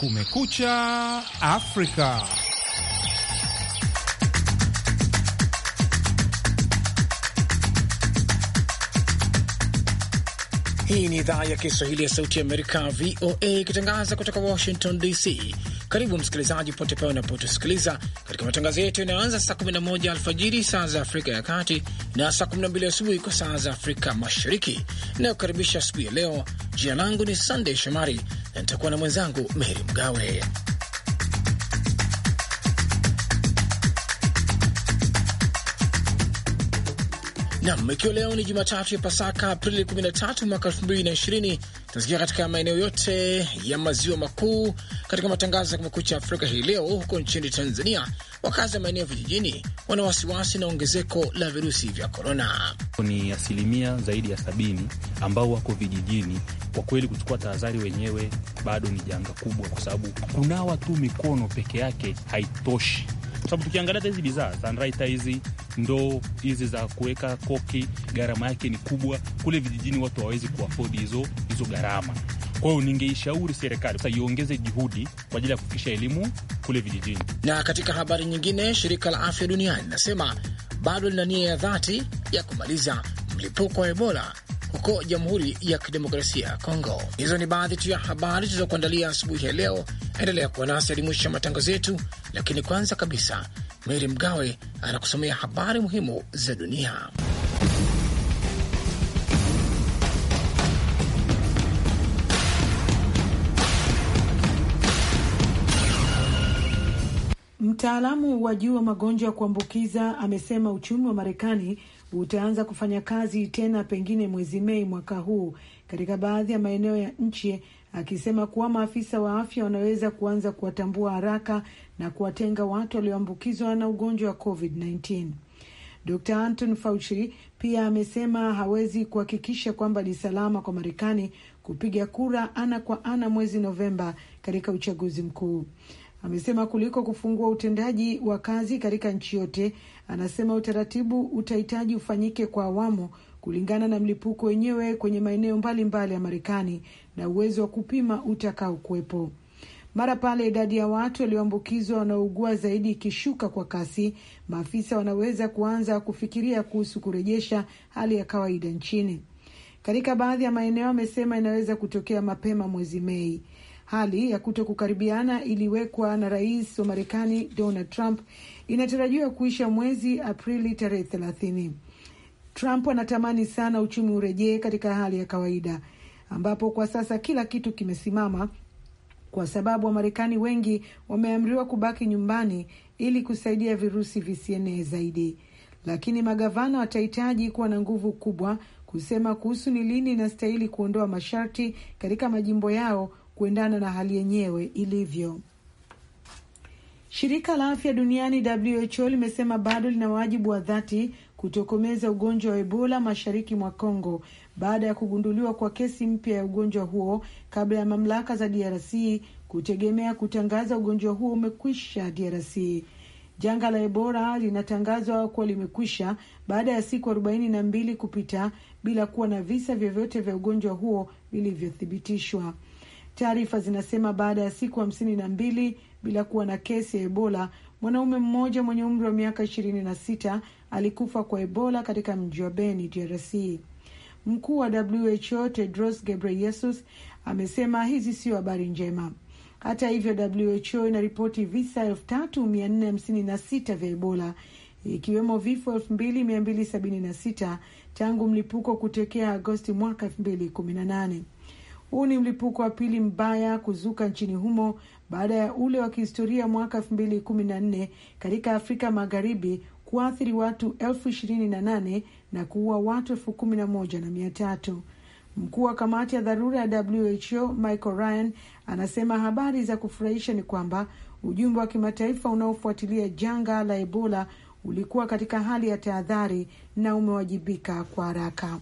Kumekucha Afrika. Hii ni idhaa ya Kiswahili ya Sauti ya Amerika, VOA, ikitangaza kutoka Washington DC. Karibu msikilizaji, pote pale unapotusikiliza katika matangazo yetu yanayoanza saa 11 alfajiri saa za Afrika ya Kati na saa 12 asubuhi kwa saa za Afrika Mashariki. Inayokaribisha asubuhi ya leo, jina langu ni Sandey Shomari na nitakuwa na mwenzangu Meri Mgawe. Nam, ikiwa leo ni Jumatatu ya Pasaka, Aprili 13 mwaka 2020, tunasikia katika maeneo yote ya maziwa makuu katika matangazo ya Kumekucha Afrika hii leo. Huko nchini Tanzania, wakazi wa maeneo vijijini wana wasiwasi na ongezeko la virusi vya korona. Ni asilimia zaidi ya sabini ambao wako vijijini. Kwa kweli, kuchukua tahadhari wenyewe bado ni janga kubwa, kwa sababu kunawa tu mikono peke yake haitoshi, kwa sababu tukiangalia hizi bidhaa sanraita hizi ndoo hizi za kuweka koki, gharama yake ni kubwa. Kule vijijini watu hawawezi kuafodi hizo hizo gharama. Kwa hiyo ningeishauri serikali sasa iongeze juhudi kwa ajili ya kufikisha elimu kule vijijini. Na katika habari nyingine, shirika la afya duniani linasema bado lina nia ya dhati ya kumaliza mlipuko wa Ebola huko Jamhuri ya Kidemokrasia ya Kongo. Hizo ni baadhi tu ya habari tulizokuandalia asubuhi ya leo. Endelea kuwa nasi hadi mwisho ya matangazo yetu, lakini kwanza kabisa mery Mgawe anakusomea habari muhimu za dunia. Mtaalamu wa juu wa magonjwa ya kuambukiza amesema uchumi wa Marekani utaanza kufanya kazi tena pengine mwezi Mei mwaka huu katika baadhi ya maeneo ya nchi akisema kuwa maafisa wa afya wanaweza kuanza kuwatambua haraka na kuwatenga watu walioambukizwa na ugonjwa wa COVID-19. Dr Anton Fauci pia amesema hawezi kuhakikisha kwamba ni salama kwa Marekani kupiga kura ana kwa ana mwezi Novemba katika uchaguzi mkuu. Amesema kuliko kufungua utendaji wa kazi katika nchi yote, anasema utaratibu utahitaji ufanyike kwa awamu kulingana na mlipuko wenyewe kwenye maeneo mbalimbali ya Marekani na uwezo wa kupima utakao kuwepo Mara pale idadi ya watu walioambukizwa wanaougua zaidi ikishuka kwa kasi, maafisa wanaweza kuanza kufikiria kuhusu kurejesha hali ya kawaida nchini. Katika baadhi ya maeneo amesema inaweza kutokea mapema mwezi Mei. Hali ya kuto kukaribiana iliwekwa na rais wa Marekani Donald Trump inatarajiwa kuisha mwezi Aprili tarehe thelathini. Trump anatamani sana uchumi urejee katika hali ya kawaida, ambapo kwa sasa kila kitu kimesimama kwa sababu Wamarekani wengi wameamriwa kubaki nyumbani ili kusaidia virusi visienee zaidi. Lakini magavana watahitaji kuwa na nguvu kubwa kusema kuhusu ni lini inastahili kuondoa masharti katika majimbo yao kuendana na hali yenyewe ilivyo. Shirika la afya duniani WHO limesema bado lina wajibu wa dhati kutokomeza ugonjwa wa Ebola mashariki mwa congo baada ya kugunduliwa kwa kesi mpya ya ugonjwa huo kabla ya mamlaka za DRC kutegemea kutangaza ugonjwa huo umekwisha DRC. Janga la Ebola linatangazwa kuwa limekwisha baada ya siku arobaini na mbili kupita bila kuwa na visa vyovyote vya ugonjwa huo vilivyothibitishwa. Taarifa zinasema baada ya siku hamsini na mbili bila kuwa na kesi ya Ebola, mwanaume mmoja mwenye umri wa miaka ishirini na sita alikufa kwa Ebola katika mji wa Beni, DRC. Mkuu wa WHO Tedros Gebreyesus amesema hizi sio habari njema. Hata hivyo, WHO inaripoti visa 3456 vya Ebola, ikiwemo vifo 2276 tangu mlipuko kutokea Agosti mwaka 218 Huu ni mlipuko wa pili mbaya kuzuka nchini humo baada ya ule wa kihistoria mwaka 214 katika Afrika Magharibi kuathiri watu elfu ishirini na nane na kuua watu elfu kumi na moja na mia tatu. Mkuu wa kamati ya dharura ya WHO Michael Ryan anasema habari za kufurahisha ni kwamba ujumbe wa kimataifa unaofuatilia janga la Ebola ulikuwa katika hali ya tahadhari na umewajibika kwa haraka.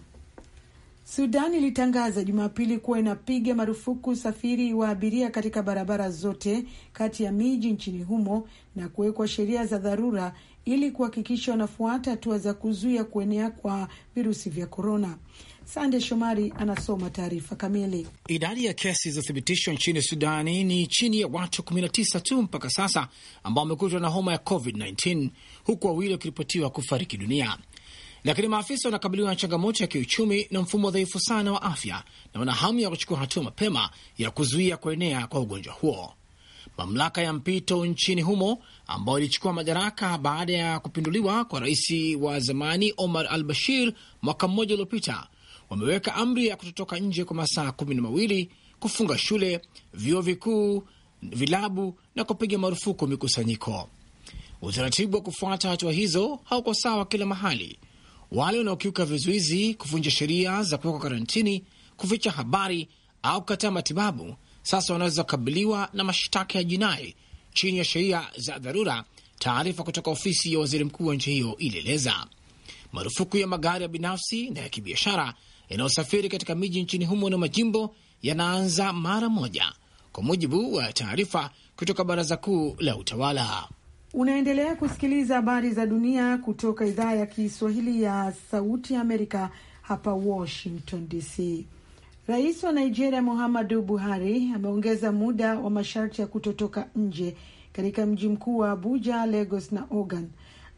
Sudan ilitangaza Jumapili kuwa inapiga marufuku usafiri wa abiria katika barabara zote kati ya miji nchini humo na kuwekwa sheria za dharura ili kuhakikisha wanafuata hatua za kuzuia kuenea kwa virusi vya korona. Sande Shomari anasoma taarifa kamili. Idadi ya kesi zilizothibitishwa nchini Sudani ni chini ya watu 19 tu mpaka sasa ambao wamekutwa na homa ya COVID-19, huku wawili wakiripotiwa kufariki dunia. Lakini maafisa wanakabiliwa na changamoto ya kiuchumi na mfumo dhaifu sana wa afya, na wana hamu ya kuchukua hatua mapema ya kuzuia kuenea kwa ugonjwa huo mamlaka ya mpito nchini humo ambayo ilichukua madaraka baada ya kupinduliwa kwa rais wa zamani Omar al Bashir mwaka mmoja uliopita, wameweka amri ya kutotoka nje kwa masaa kumi na mawili, kufunga shule, vyuo vikuu, vilabu na kupiga marufuku mikusanyiko. Utaratibu wa kufuata hatua hizo hauko sawa kila mahali. Wale wanaokiuka vizuizi, kuvunja sheria za kuwekwa karantini, kuficha habari au kukataa matibabu sasa wanaweza kukabiliwa na mashtaka ya jinai chini ya sheria za dharura. Taarifa kutoka ofisi ya waziri mkuu wa nchi hiyo ilieleza marufuku ya magari ya binafsi na ya kibiashara yanayosafiri katika miji nchini humo na majimbo yanaanza mara moja, kwa mujibu wa taarifa kutoka baraza kuu la utawala. Unaendelea kusikiliza habari za dunia kutoka idhaa ya Kiswahili ya Sauti ya Amerika hapa Washington DC. Rais wa Nigeria Muhammadu Buhari ameongeza muda wa masharti ya kutotoka nje katika mji mkuu wa Abuja, Lagos na Ogan.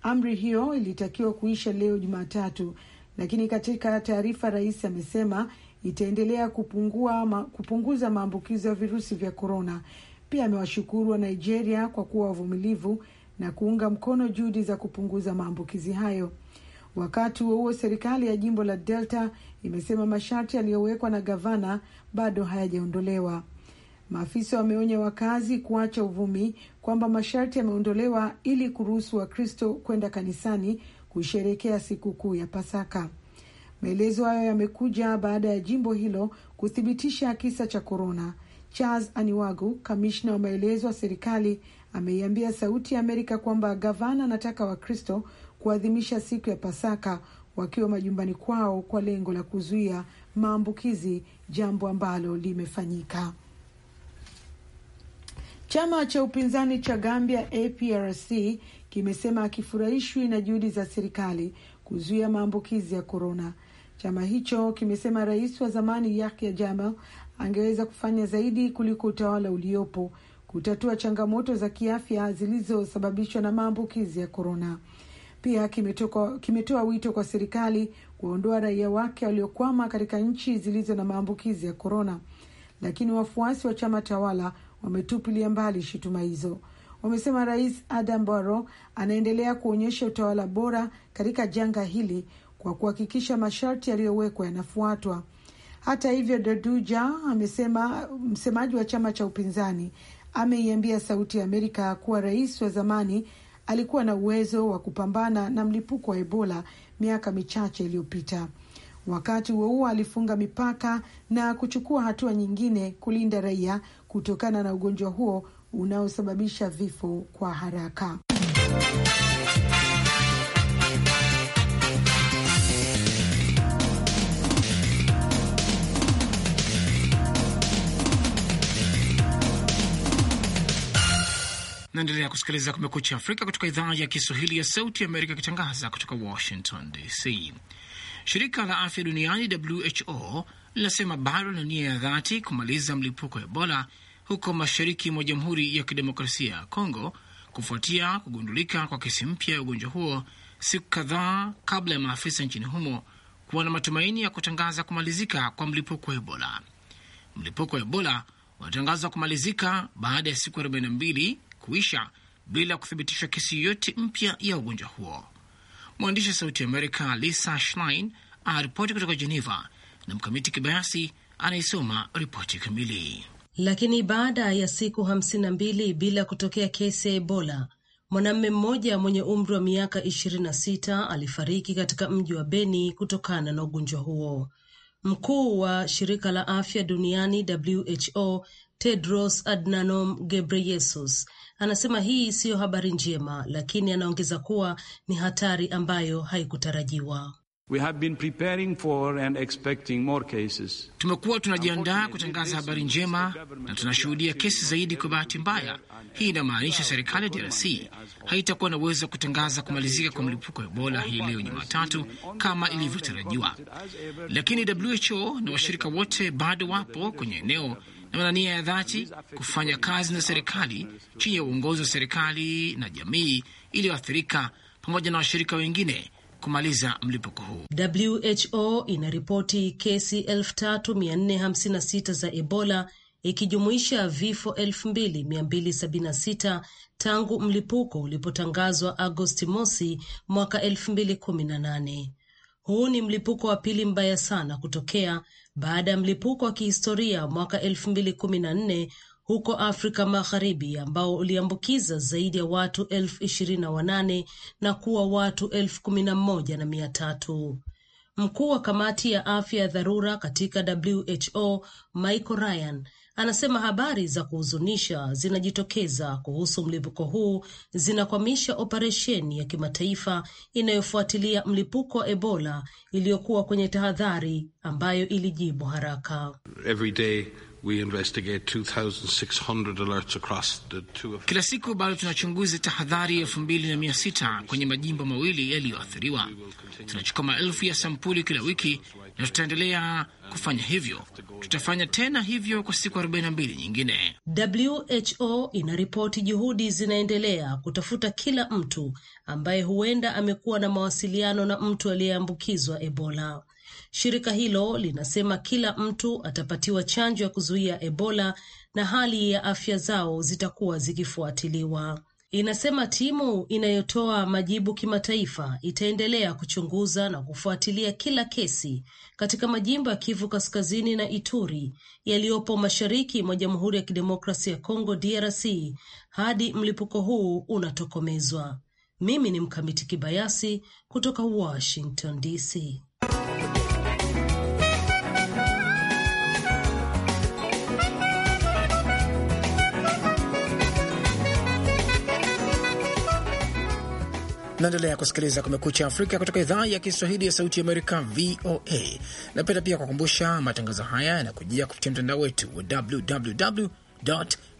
Amri hiyo ilitakiwa kuisha leo Jumatatu, lakini katika taarifa rais amesema itaendelea kupungua ma, kupunguza maambukizo ya virusi vya korona. Pia amewashukuru wa Nigeria kwa kuwa wavumilivu na kuunga mkono juhudi za kupunguza maambukizi hayo. Wakati huo huo, serikali ya jimbo la Delta imesema masharti yaliyowekwa na gavana bado hayajaondolewa. Maafisa wameonya wakazi kuacha uvumi kwamba masharti yameondolewa ili kuruhusu Wakristo kwenda kanisani kusherekea sikukuu ya Pasaka. Maelezo hayo yamekuja baada ya jimbo hilo kuthibitisha kisa cha korona. Charles Aniwagu, kamishna wa maelezo wa serikali, ameiambia Sauti ya Amerika kwamba gavana anataka Wakristo kuadhimisha siku ya Pasaka wakiwa majumbani kwao kwa lengo la kuzuia maambukizi, jambo ambalo limefanyika. Chama cha upinzani cha Gambia APRC kimesema akifurahishwi na juhudi za serikali kuzuia maambukizi ya korona. Chama hicho kimesema rais wa zamani Yahya Jammeh angeweza kufanya zaidi kuliko utawala uliopo kutatua changamoto za kiafya zilizosababishwa na maambukizi ya korona. Pia kimetoa wito kwa serikali kuondoa raia wake waliokwama katika nchi zilizo na maambukizi ya korona, lakini wafuasi wa chama tawala wametupilia mbali shutuma hizo. Wamesema Rais Adam Barrow anaendelea kuonyesha utawala bora katika janga hili kwa kuhakikisha masharti yaliyowekwa yanafuatwa. Hata hivyo, doduja amesema, msemaji wa chama cha upinzani ameiambia Sauti ya Amerika kuwa rais wa zamani alikuwa na uwezo wa kupambana na mlipuko wa Ebola miaka michache iliyopita. Wakati huo huo, alifunga mipaka na kuchukua hatua nyingine kulinda raia kutokana na ugonjwa huo unaosababisha vifo kwa haraka. Naendelea kusikiliza Kumekucha Afrika kutoka idhaa ya Kiswahili ya Sauti Amerika ikitangaza kutoka Washington DC. Shirika la Afya Duniani WHO linasema bado na nia ya dhati kumaliza mlipuko wa Ebola huko mashariki mwa Jamhuri ya Kidemokrasia ya Kongo kufuatia kugundulika kwa kesi mpya ya ugonjwa huo siku kadhaa kabla ya maafisa nchini humo kuwa na matumaini ya kutangaza kumalizika kwa mlipuko wa Ebola. Mlipuko wa Ebola unatangazwa kumalizika baada ya siku 42 kuisha bila kuthibitisha kesi yoyote mpya ya ugonjwa huo. Mwandishi wa Sauti Amerika Lisa Schlein aripoti kutoka Geneva na Mkamiti Kibayasi anayesoma ripoti kamili. Lakini baada ya siku hamsini na mbili bila kutokea kesi ya Ebola, mwanamume mmoja mwenye umri wa miaka ishirini na sita alifariki katika mji wa Beni kutokana na ugonjwa huo. Mkuu wa shirika la afya duniani WHO Tedros Adhanom Ghebreyesus Anasema hii siyo habari njema, lakini anaongeza kuwa ni hatari ambayo haikutarajiwa. We have been preparing for and expecting more cases. Tumekuwa tunajiandaa kutangaza habari njema na tunashuhudia kesi zaidi. Kwa bahati mbaya, hii inamaanisha serikali ya DRC haitakuwa na uwezo wa kutangaza kumalizika kwa mlipuko wa Ebola hii leo Jumatatu kama ilivyotarajiwa, lakini WHO na washirika wote bado wapo kwenye eneo na wana nia ya dhati kufanya kazi na serikali chini ya uongozi wa serikali na jamii iliyoathirika pamoja na washirika wengine kumaliza mlipuko huu. WHO inaripoti kesi 3456 za Ebola ikijumuisha vifo 2276 tangu mlipuko ulipotangazwa Agosti mosi mwaka 2018. Huu ni mlipuko wa pili mbaya sana kutokea baada ya mlipuko wa kihistoria mwaka elfu mbili kumi na nne huko Afrika Magharibi ambao uliambukiza zaidi ya watu elfu ishirini na wanane na kuwa watu elfu kumi na moja na mia tatu. Mkuu wa kamati ya afya ya dharura katika WHO Michael Ryan anasema habari za kuhuzunisha zinajitokeza kuhusu mlipuko huu zinakwamisha operesheni ya kimataifa inayofuatilia mlipuko wa Ebola iliyokuwa kwenye tahadhari ambayo ilijibu haraka Every day. Kila siku bado tunachunguza tahadhari 2600 kwenye majimbo mawili yaliyoathiriwa. Tunachukua maelfu ya sampuli kila wiki na tutaendelea kufanya hivyo. Tutafanya tena hivyo kwa siku 42 nyingine. WHO inaripoti juhudi zinaendelea kutafuta kila mtu ambaye huenda amekuwa na mawasiliano na mtu aliyeambukizwa Ebola. Shirika hilo linasema kila mtu atapatiwa chanjo ya kuzuia Ebola na hali ya afya zao zitakuwa zikifuatiliwa. Inasema timu inayotoa majibu kimataifa itaendelea kuchunguza na kufuatilia kila kesi katika majimbo ya Kivu Kaskazini na Ituri yaliyopo mashariki mwa Jamhuri ya Kidemokrasia ya Kongo DRC hadi mlipuko huu unatokomezwa. Mimi ni Mkamiti Kibayasi kutoka Washington DC. Naendelea kusikiliza Kumekucha Afrika kutoka idhaa ya Kiswahili ya Sauti ya Amerika, VOA. Napenda pia kukumbusha matangazo haya yanakujia kupitia mtandao wetu wa www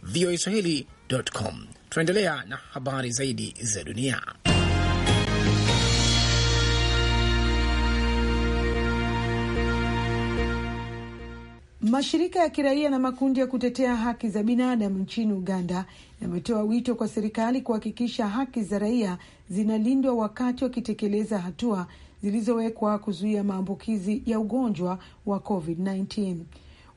voa swahili.com. Tunaendelea na habari zaidi za dunia. Mashirika ya kiraia na makundi ya kutetea haki za binadamu nchini Uganda yametoa wito kwa serikali kuhakikisha haki za raia zinalindwa wakati wakitekeleza hatua zilizowekwa kuzuia maambukizi ya ugonjwa wa COVID-19.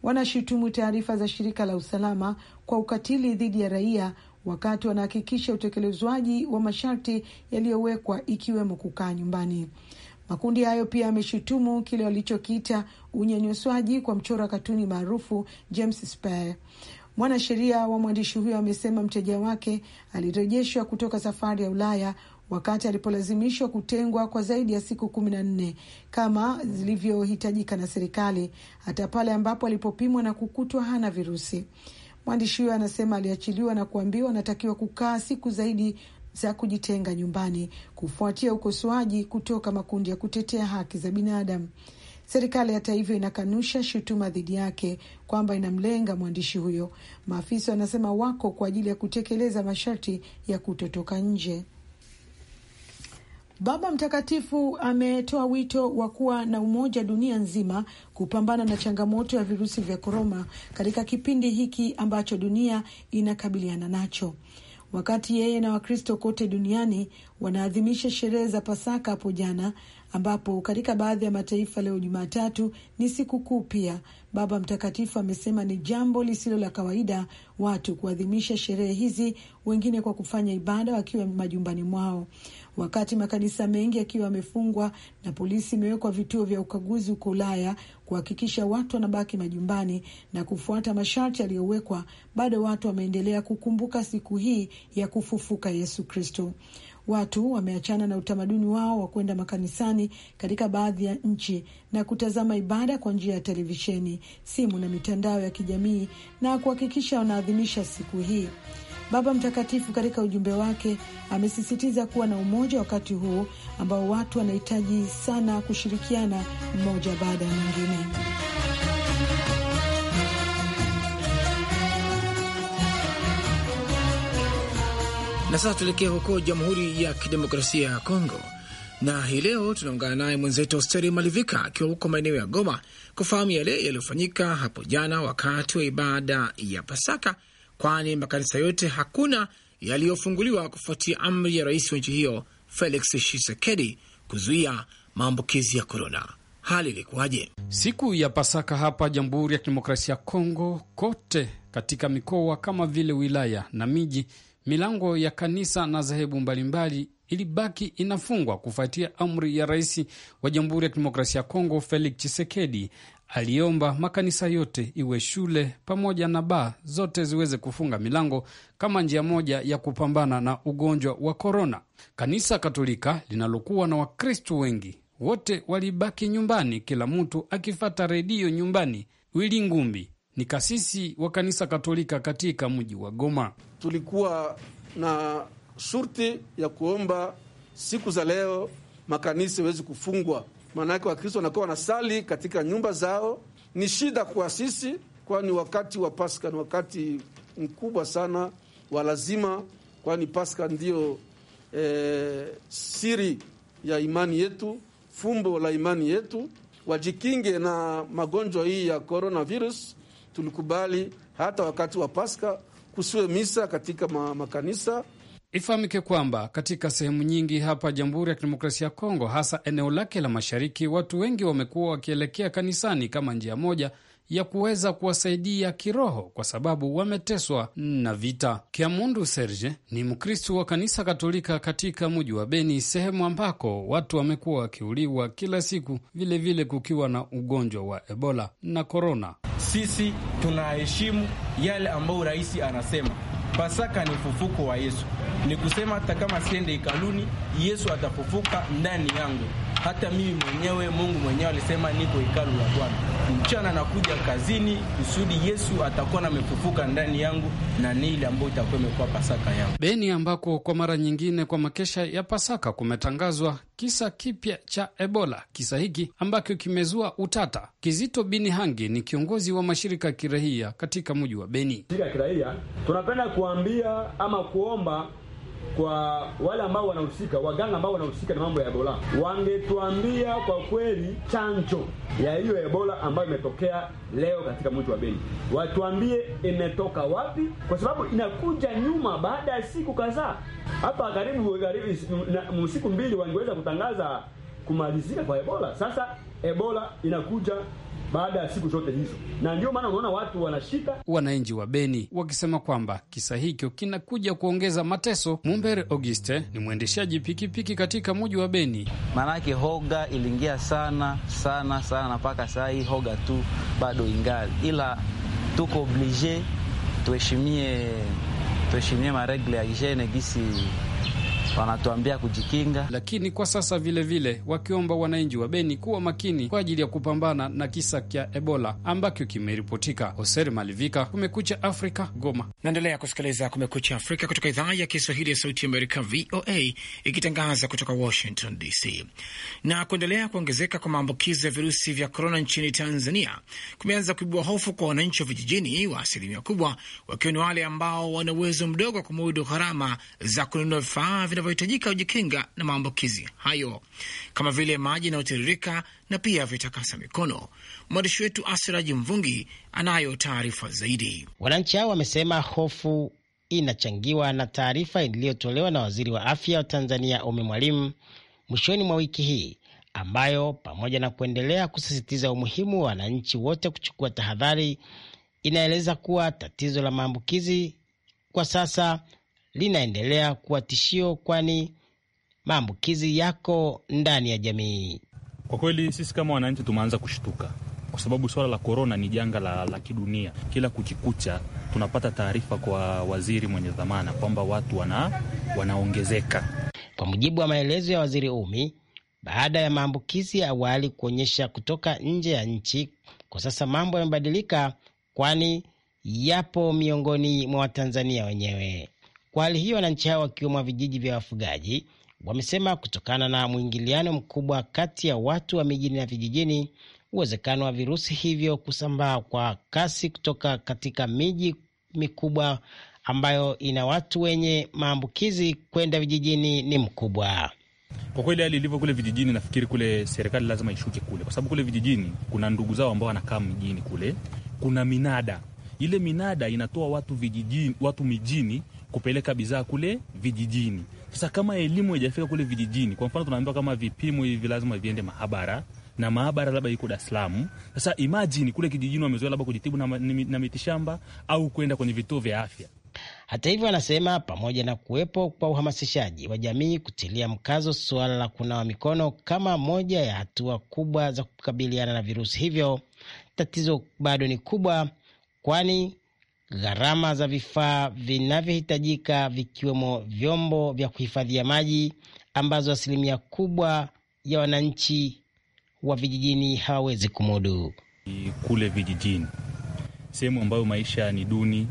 Wanashutumu taarifa za shirika la usalama kwa ukatili dhidi ya raia wakati wanahakikisha utekelezwaji wa masharti yaliyowekwa ikiwemo kukaa nyumbani. Makundi hayo pia yameshutumu kile walichokiita unyanyaswaji kwa mchora katuni maarufu James Spaer. Mwanasheria wa mwandishi huyo amesema mteja wake alirejeshwa kutoka safari ya Ulaya wakati alipolazimishwa kutengwa kwa zaidi ya siku kumi na nne kama zilivyohitajika na serikali, hata pale ambapo alipopimwa na kukutwa hana virusi. Mwandishi huyo anasema aliachiliwa na kuambiwa anatakiwa kukaa siku zaidi za kujitenga nyumbani kufuatia ukosoaji kutoka makundi ya kutetea haki za binadamu. Serikali hata hivyo inakanusha shutuma dhidi yake kwamba inamlenga mwandishi huyo. Maafisa wanasema wako kwa ajili ya kutekeleza masharti ya kutotoka nje. Baba Mtakatifu ametoa wito wa kuwa na umoja dunia nzima kupambana na changamoto ya virusi vya korona katika kipindi hiki ambacho dunia inakabiliana nacho. Wakati yeye na Wakristo kote duniani wanaadhimisha sherehe za Pasaka hapo jana, ambapo katika baadhi ya mataifa leo Jumatatu ni siku kuu pia. Baba Mtakatifu amesema ni jambo lisilo la kawaida watu kuadhimisha sherehe hizi, wengine kwa kufanya ibada wakiwa majumbani mwao, wakati makanisa mengi yakiwa yamefungwa na polisi imewekwa vituo vya ukaguzi huko Ulaya kuhakikisha watu wanabaki majumbani na kufuata masharti yaliyowekwa. Bado watu wameendelea kukumbuka siku hii ya kufufuka Yesu Kristo. Watu wameachana na utamaduni wao wa kwenda makanisani katika baadhi ya nchi na kutazama ibada kwa njia ya televisheni, simu na mitandao ya kijamii na kuhakikisha wanaadhimisha siku hii. Baba Mtakatifu katika ujumbe wake amesisitiza kuwa na umoja wakati huu ambao watu wanahitaji sana kushirikiana mmoja baada ya mwingine. Na sasa tuelekea huko Jamhuri ya Kidemokrasia ya Kongo, na hii leo tunaungana naye mwenzetu Austeri Malivika akiwa huko maeneo ya Goma kufahamu yale yaliyofanyika hapo jana wakati wa ibada ya Pasaka, kwani makanisa yote hakuna yaliyofunguliwa kufuatia amri ya rais wa nchi hiyo Felix Tshisekedi kuzuia maambukizi ya korona. Hali ilikuwaje siku ya Pasaka hapa Jamhuri ya Kidemokrasia ya Kongo? Kote katika mikoa kama vile wilaya na miji milango ya kanisa na dhehebu mbalimbali ilibaki inafungwa kufuatia amri ya rais wa Jamhuri ya Kidemokrasia ya Kongo Felix Tshisekedi. Aliomba makanisa yote, iwe shule pamoja na baa, zote ziweze kufunga milango kama njia moja ya kupambana na ugonjwa wa korona. Kanisa Katolika linalokuwa na wakristu wengi wote walibaki nyumbani, kila mtu akifata redio nyumbani. Wili Ngumbi ni kasisi wa kanisa Katolika katika mji wa Goma tulikuwa na shurti ya kuomba siku za leo makanisa iwezi kufungwa, maanake Wakristo wanakuwa wanasali katika nyumba zao. Ni shida kwa sisi, kwani wakati wa Paska ni wakati mkubwa sana wa lazima, kwani Paska ndiyo e, siri ya imani yetu, fumbo la imani yetu. Wajikinge na magonjwa hii ya coronavirus. Tulikubali hata wakati wa Paska kusiwe misa katika ma, makanisa. Ifahamike kwamba katika sehemu nyingi hapa Jamhuri ya Kidemokrasia ya Kongo, hasa eneo lake la mashariki, watu wengi wamekuwa wakielekea kanisani kama njia moja ya kuweza kuwasaidia kiroho kwa sababu wameteswa na vita. Kiamundu Serge ni Mkristu wa kanisa Katolika katika muji wa Beni, sehemu ambako watu wamekuwa wakiuliwa kila siku, vilevile vile kukiwa na ugonjwa wa Ebola na korona. Sisi tunaheshimu yale ambayo rais anasema, Pasaka ni ufufuko wa Yesu ni kusema hata kama siende ikaluni, Yesu atafufuka ndani yangu. Hata mimi mwenyewe Mungu mwenyewe alisema niko hekalu la Bwana, mchana nakuja kazini kusudi Yesu atakuwa namefufuka ndani yangu, na ni ile ambayo itakuwa imekuwa Pasaka yangu. Beni ambako kwa mara nyingine kwa makesha ya Pasaka kumetangazwa kisa kipya cha Ebola. Kisa hiki ambacho kimezua utata. Kizito Bini Hangi ni kiongozi wa mashirika ya kirahia katika mji wa Beni. Shirika kirahia tunapenda kuambia ama kuomba kwa wale ambao wanahusika, waganga ambao wanahusika na mambo ya Ebola, wangetuambia kwa kweli chanjo ya hiyo Ebola ambayo imetokea leo katika mji wa Beni, watuambie imetoka wapi, kwa sababu inakuja nyuma baada ya siku kadhaa. Hapa karibu karibu msiku mbili wangeweza kutangaza kumalizika kwa Ebola. Sasa Ebola inakuja baada ya siku zote hizo, na ndio maana unaona watu wanashika. Wananchi wa Beni wakisema kwamba kisa hicho kinakuja kuongeza mateso. Mumbere Auguste ni mwendeshaji pikipiki katika mji wa Beni. Maanake hoga iliingia sana sana sana, na mpaka saa hii hoga tu bado ingali, ila tuko oblige tuheshimie, tuheshimie maregle ya hygiene gisi wanatuambia kujikinga, lakini kwa sasa vilevile vile, wakiomba wananchi wa Beni kuwa makini kwa ajili ya kupambana na kisa cha Ebola ambacho kimeripotika. Hoser Malivika, Kumekucha Afrika, Goma. Naendelea kusikiliza Kumekucha Afrika kutoka idhaa ya Kiswahili ya Sauti Amerika, VOA, ikitangaza kutoka Washington DC. Na kuendelea kuongezeka kwa maambukizi ya virusi vya korona nchini Tanzania kumeanza kuibua hofu kwa wananchi wa vijijini, wa asilimia kubwa wakiwa ni wale ambao wana uwezo mdogo wa kumudu gharama za kununua vifaa vinavyohitajika kujikinga na maambukizi hayo kama vile maji yanayotiririka na pia vitakasa mikono. Mwandishi wetu Asiraji Mvungi anayo taarifa zaidi. Wananchi hao wamesema hofu inachangiwa na taarifa iliyotolewa na waziri wa afya wa Tanzania Umi Mwalimu mwishoni mwa wiki hii ambayo pamoja na kuendelea kusisitiza umuhimu wa wananchi wote kuchukua tahadhari, inaeleza kuwa tatizo la maambukizi kwa sasa linaendelea kuwa tishio, kwani maambukizi yako ndani ya jamii. Kwa kweli sisi kama wananchi tumeanza kushtuka kwa sababu swala la korona ni janga la, la kidunia. Kila kuchikucha tunapata taarifa kwa waziri mwenye dhamana kwamba watu wana, wanaongezeka. Kwa mujibu wa maelezo ya waziri Umi, baada ya maambukizi ya awali kuonyesha kutoka nje ya nchi, kwa sasa mambo yamebadilika, kwani yapo miongoni mwa Watanzania wenyewe. Kwa hali hiyo, wananchi hao wakiwemo vijiji vya wafugaji wamesema kutokana na mwingiliano mkubwa kati ya watu wa mijini na vijijini, uwezekano wa virusi hivyo kusambaa kwa kasi kutoka katika miji mikubwa ambayo ina watu wenye maambukizi kwenda vijijini ni mkubwa. Kwa kweli hali ilivyo kule vijijini, nafikiri kule serikali lazima ishuke kule, kwa sababu kule vijijini kuna ndugu zao ambao wanakaa mjini kule, kuna minada ile minada inatoa watu vijijini, watu mijini kupeleka bidhaa kule vijijini. Sasa kama elimu haijafika kule vijijini, kwa mfano tunaambiwa kama vipimo hivi lazima viende mahabara na maabara labda iko Dar es Salaam. Sasa imajini kule kijijini wamezoea labda kujitibu na, na mitishamba au kwenda kwenye vituo vya afya. Hata hivyo, anasema pamoja na kuwepo kwa uhamasishaji wa jamii kutilia mkazo suala la kunawa mikono kama moja ya hatua kubwa za kukabiliana na virusi hivyo, tatizo bado ni kubwa, kwani gharama za vifaa vinavyohitajika vikiwemo vyombo vya kuhifadhia maji ambazo asilimia kubwa ya wananchi wa vijijini hawawezi kumudu. Kule vijijini, sehemu ambayo maisha ni duni,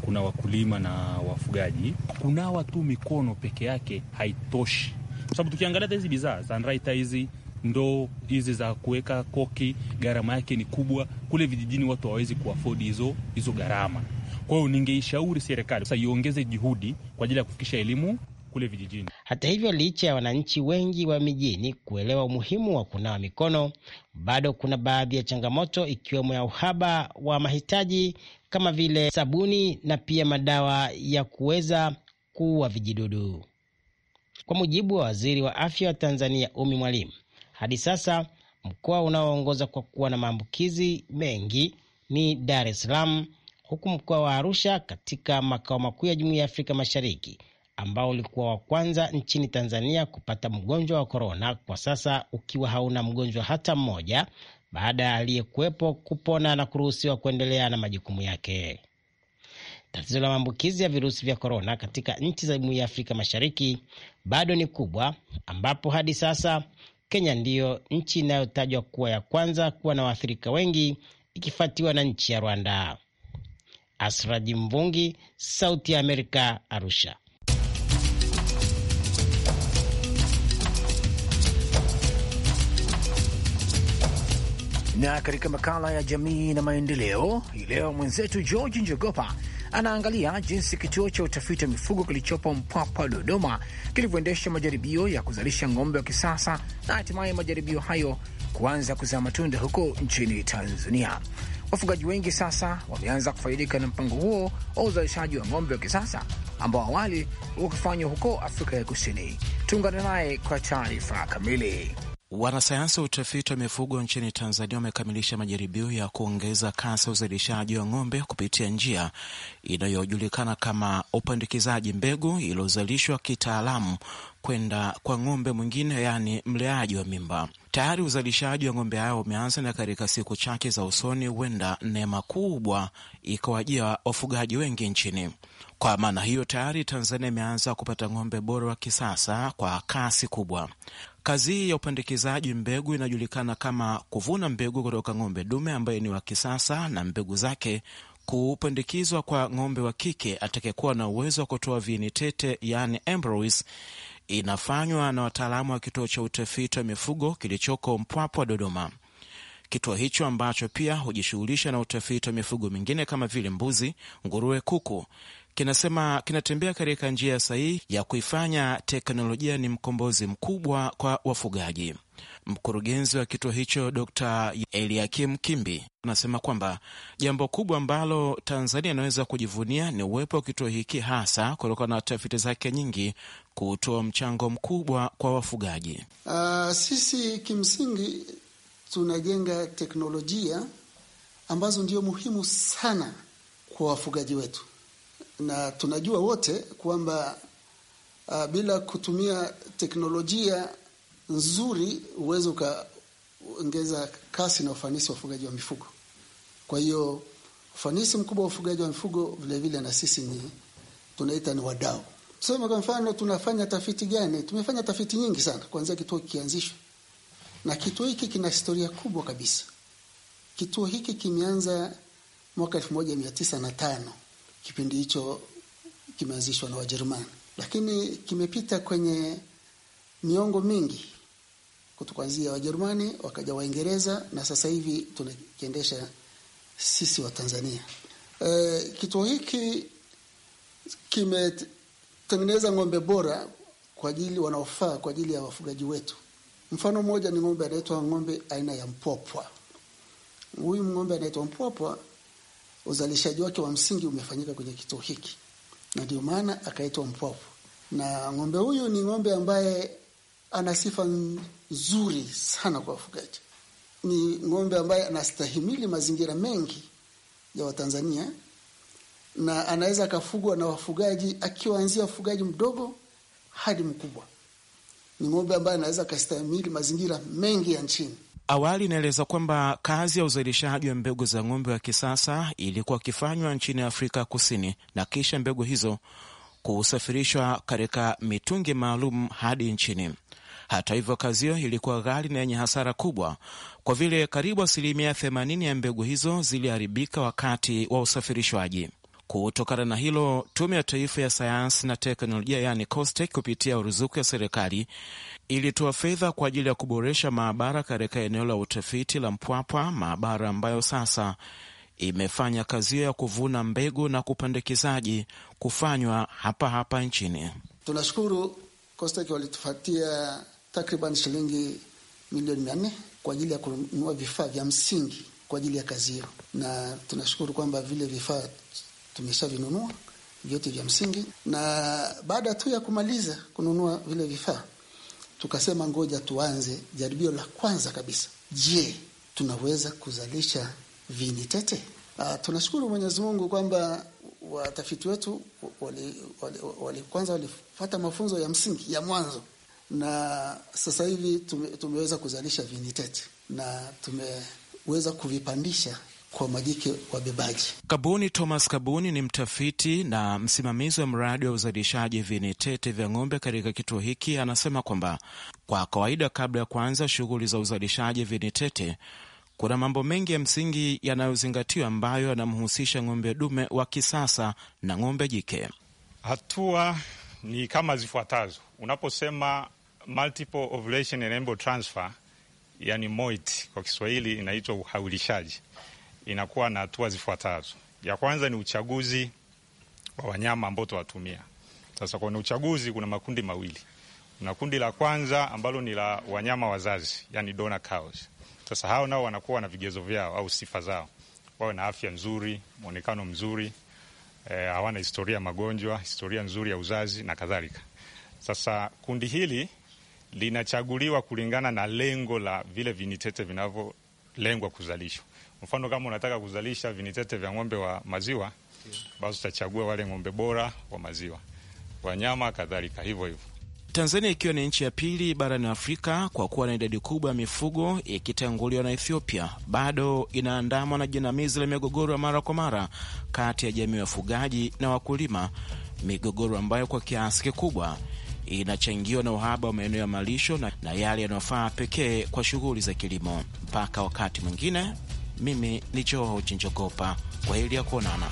kuna wakulima na wafugaji. Kunawa tu mikono peke yake haitoshi, kwa sababu tukiangalia hizi bidhaa zanraita hizi ndoo hizi za kuweka koki, gharama yake ni kubwa. Kule vijijini watu hawawezi kuafodi hizo hizo gharama. Kwa hiyo ningeishauri serikali sasa iongeze juhudi kwa ajili ya kufikisha elimu kule vijijini. Hata hivyo, licha ya wananchi wengi wa mijini kuelewa umuhimu wa kunawa mikono, bado kuna baadhi ya changamoto ikiwemo ya uhaba wa mahitaji kama vile sabuni na pia madawa ya kuweza kuua vijidudu. Kwa mujibu wa waziri wa afya wa Tanzania Umi Mwalimu, hadi sasa mkoa unaoongoza kwa kuwa na maambukizi mengi ni Dar es Salaam huku mkoa wa Arusha katika makao makuu ya Jumuiya ya Afrika Mashariki ambao ulikuwa wa kwanza nchini Tanzania kupata mgonjwa wa korona, kwa sasa ukiwa hauna mgonjwa hata mmoja baada ya aliyekuwepo kupona na kuruhusiwa kuendelea na majukumu yake. Tatizo la maambukizi ya virusi vya korona katika nchi za Jumuiya ya Afrika Mashariki bado ni kubwa, ambapo hadi sasa Kenya ndiyo nchi inayotajwa kuwa ya kwanza kuwa na waathirika wengi ikifuatiwa na nchi ya Rwanda. Asraji Mvungi, Sauti ya Amerika, Arusha. Na katika makala ya jamii na maendeleo hii leo, mwenzetu George Njogopa anaangalia jinsi kituo cha utafiti wa mifugo kilichopo Mpwapwa, Dodoma, kilivyoendesha majaribio ya kuzalisha ng'ombe wa kisasa na hatimaye majaribio hayo kuanza kuzaa matunda huko nchini Tanzania. Wafugaji wengi sasa wameanza kufaidika na mpango huo wa uzalishaji wa ng'ombe wa kisasa ambao awali ukifanywa huko Afrika ya Kusini. Tuungane naye kwa taarifa kamili. Wanasayansi wa utafiti wa mifugo nchini Tanzania wamekamilisha majaribio ya kuongeza kasi ya uzalishaji wa ng'ombe kupitia njia inayojulikana kama upandikizaji mbegu iliyozalishwa kitaalamu kwenda kwa ng'ombe mwingine, yaani mleaji wa mimba. Tayari uzalishaji wa ng'ombe hayo umeanza, na katika siku chache za usoni huenda neema kubwa ikawajia wafugaji wengi nchini. Kwa maana hiyo, tayari Tanzania imeanza kupata ng'ombe bora wa kisasa kwa kasi kubwa. Kazi hii ya upandikizaji mbegu inajulikana kama kuvuna mbegu kutoka ng'ombe dume ambaye ni wa kisasa na mbegu zake kupandikizwa kwa ng'ombe wa kike atakayekuwa na uwezo wa kutoa viini tete, yani embryos. Inafanywa na wataalamu wa kituo cha utafiti wa mifugo kilichoko Mpwapwa, Dodoma. Kituo hicho ambacho pia hujishughulisha na utafiti wa mifugo mingine kama vile mbuzi, nguruwe, kuku kinasema kinatembea katika njia sahihi ya kuifanya teknolojia ni mkombozi mkubwa kwa wafugaji. Mkurugenzi wa kituo hicho Dr. Eliakim Kimbi anasema kwamba jambo kubwa ambalo Tanzania inaweza kujivunia ni uwepo wa kituo hiki, hasa kutokana na tafiti zake nyingi kutoa mchango mkubwa kwa wafugaji. Uh, sisi kimsingi tunajenga teknolojia ambazo ndio muhimu sana kwa wafugaji wetu na tunajua wote kwamba uh, bila kutumia teknolojia nzuri uweze ukaongeza kasi na ufanisi wa ufugaji wa mifugo. Kwa hiyo ufanisi mkubwa wa ufugaji wa mifugo vilevile, na sisi ni tunaita ni wadau. Tuseme kwa mfano, tunafanya tafiti gani? Tumefanya tafiti nyingi sana kuanzia kituo kikianzishwa, na kituo hiki kina historia kubwa kabisa. Kituo hiki kimeanza mwaka elfu moja mia tisa na tano Kipindi hicho kimeanzishwa na Wajerumani, lakini kimepita kwenye miongo mingi kuanzia Wajerumani wakaja Waingereza na sasa hivi tunakiendesha sisi wa Tanzania. E, kituo hiki kimetengeneza ng'ombe bora kwa ajili wanaofaa kwa ajili ya wafugaji wetu. Mfano mmoja ni ng'ombe anaitwa ng'ombe aina ya Mpwapwa. Huyu ng'ombe anaitwa Mpwapwa uzalishaji wake wa msingi umefanyika kwenye kituo hiki, na ndio maana akaitwa Mpwapwa. Na ng'ombe huyu ni ng'ombe ambaye ana sifa nzuri sana kwa wafugaji. Ni ng'ombe ambaye anastahimili mazingira mengi ya Watanzania na anaweza akafugwa na wafugaji akiwaanzia mfugaji mdogo hadi mkubwa. Ni ng'ombe ambaye anaweza akastahimili mazingira mengi ya nchini. Awali inaeleza kwamba kazi ya uzalishaji wa mbegu za ng'ombe wa kisasa ilikuwa ikifanywa nchini Afrika Kusini na kisha mbegu hizo kusafirishwa katika mitungi maalum hadi nchini. Hata hivyo, kazi hiyo ilikuwa ghali na yenye hasara kubwa, kwa vile karibu asilimia 80 ya mbegu hizo ziliharibika wakati wa usafirishwaji. Kutokana na hilo, Tume ya Taifa ya Sayansi na Teknolojia, yani COSTECH, kupitia ruzuku ya serikali ilitoa fedha kwa ajili ya kuboresha maabara katika eneo la utafiti la Mpwapwa, maabara ambayo sasa imefanya kazi ya kuvuna mbegu na kupandikizaji kufanywa hapa hapa nchini. Tunashukuru COSTECH walitufatia takriban shilingi milioni mia nne kwa ajili ya kununua vifaa vya msingi kwa ajili ya kazi hiyo, na tunashukuru kwamba vile vifaa tumeshavinunua vyote vya msingi, na baada tu ya kumaliza kununua vile vifaa tukasema ngoja tuanze jaribio la kwanza kabisa. Je, tunaweza kuzalisha vini tete? Ah, tunashukuru Mwenyezi Mungu kwamba watafiti wetu wali, wali, wali kwanza walifata mafunzo ya msingi ya mwanzo na sasa hivi tume, tumeweza kuzalisha vini tete na tumeweza kuvipandisha kwa majike wabebaji. Kabuni Thomas Kabuni ni mtafiti na msimamizi wa mradi wa uzalishaji vinitete vya ng'ombe katika kituo hiki, anasema kwamba kwa kawaida, kabla ya kuanza shughuli za uzalishaji vinitete, kuna mambo mengi ya msingi yanayozingatiwa ambayo yanamhusisha ng'ombe dume wa kisasa na ng'ombe jike. Hatua ni kama zifuatazo. Unaposema multiple ovulation and embryo transfer, yani MOIT kwa Kiswahili inaitwa uhawilishaji inakuwa na hatua zifuatazo. Ya kwanza ni uchaguzi wa wanyama ambao tuwatumia. Sasa kwenye uchaguzi kuna makundi mawili. Kuna kundi la kwanza ambalo ni la wanyama wazazi, yani donor cows. Sasa hao nao wanakuwa na vigezo vyao au sifa zao, wawe na afya nzuri, mwonekano mzuri, eh, hawana historia magonjwa, historia nzuri ya uzazi na kadhalika. Sasa kundi hili linachaguliwa kulingana na lengo la vile vinitete vinavyolengwa kuzalishwa. Mfano, kama unataka kuzalisha vinitete vya ng'ombe wa maziwa, basi utachagua wale ng'ombe bora wa maziwa, wanyama kadhalika, hivyo hivyo. Tanzania ikiwa ni nchi ya pili barani Afrika kwa kuwa na idadi kubwa ya mifugo ikitanguliwa na Ethiopia, bado inaandamwa na jinamizi la migogoro ya mara kwa mara kati ya jamii ya wafugaji na wakulima, migogoro ambayo kwa kiasi kikubwa inachangiwa na uhaba wa maeneo ya malisho na, na yale yanayofaa pekee kwa shughuli za kilimo. Mpaka wakati mwingine, mimi ni choo Chinjogopa, kwa hili ya kuonana.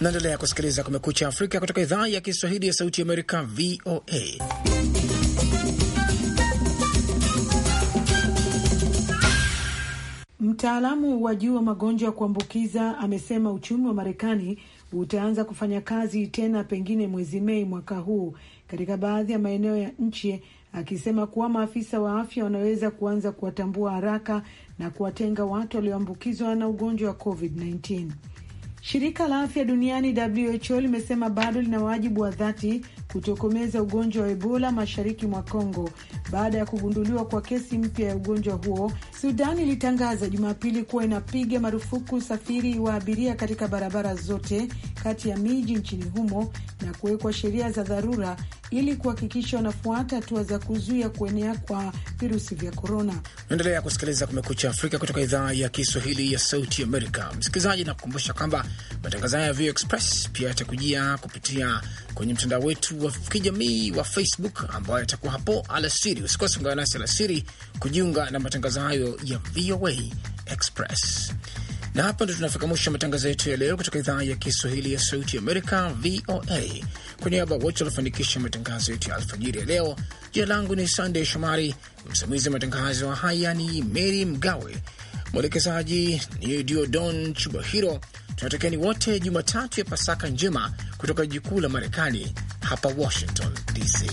Naendelea kusikiliza Kumekucha Afrika kutoka idhaa ya Kiswahili ya Sauti ya Amerika, VOA. Mtaalamu wa juu wa magonjwa ya kuambukiza amesema uchumi wa Marekani utaanza kufanya kazi tena pengine mwezi Mei mwaka huu katika baadhi ya maeneo ya nchi akisema kuwa maafisa wa afya wanaweza kuanza kuwatambua haraka na kuwatenga watu walioambukizwa na ugonjwa wa COVID-19. Shirika la afya duniani WHO limesema bado lina wajibu wa dhati kutokomeza ugonjwa wa Ebola mashariki mwa congo baada ya kugunduliwa kwa kesi mpya ya ugonjwa huo. Sudan ilitangaza Jumapili kuwa inapiga marufuku usafiri wa abiria katika barabara zote kati ya miji nchini humo na kuwekwa sheria za dharura ili kuhakikisha wanafuata hatua za kuzuia kuenea kwa virusi vya korona. Naendelea kusikiliza Kumekucha Afrika kutoka idhaa ya Kiswahili ya Sauti Amerika. Msikilizaji, nakukumbusha kwamba Matangazo haya ya VOA Express pia yatakujia kupitia kwenye mtandao wetu wa kijamii wa Facebook, ambayo yatakuwa hapo alasiri. Usikose ungana nasi alasiri kujiunga na matangazo hayo ya VOA Express. Na hapa ndo tunafika mwisho matangazo yetu ya leo kutoka idhaa ya Kiswahili ya Sauti Amerika, VOA. Kwa niaba wote waliofanikisha matangazo yetu ya alfajiri ya leo, jina langu ni Sandey Shomari, msimamizi wa matangazo haya ni Mary Mgawe. Mwelekezaji ni Diodon Chubahiro. Tunatakieni wote Jumatatu ya Pasaka njema kutoka jikuu la Marekani hapa Washington DC.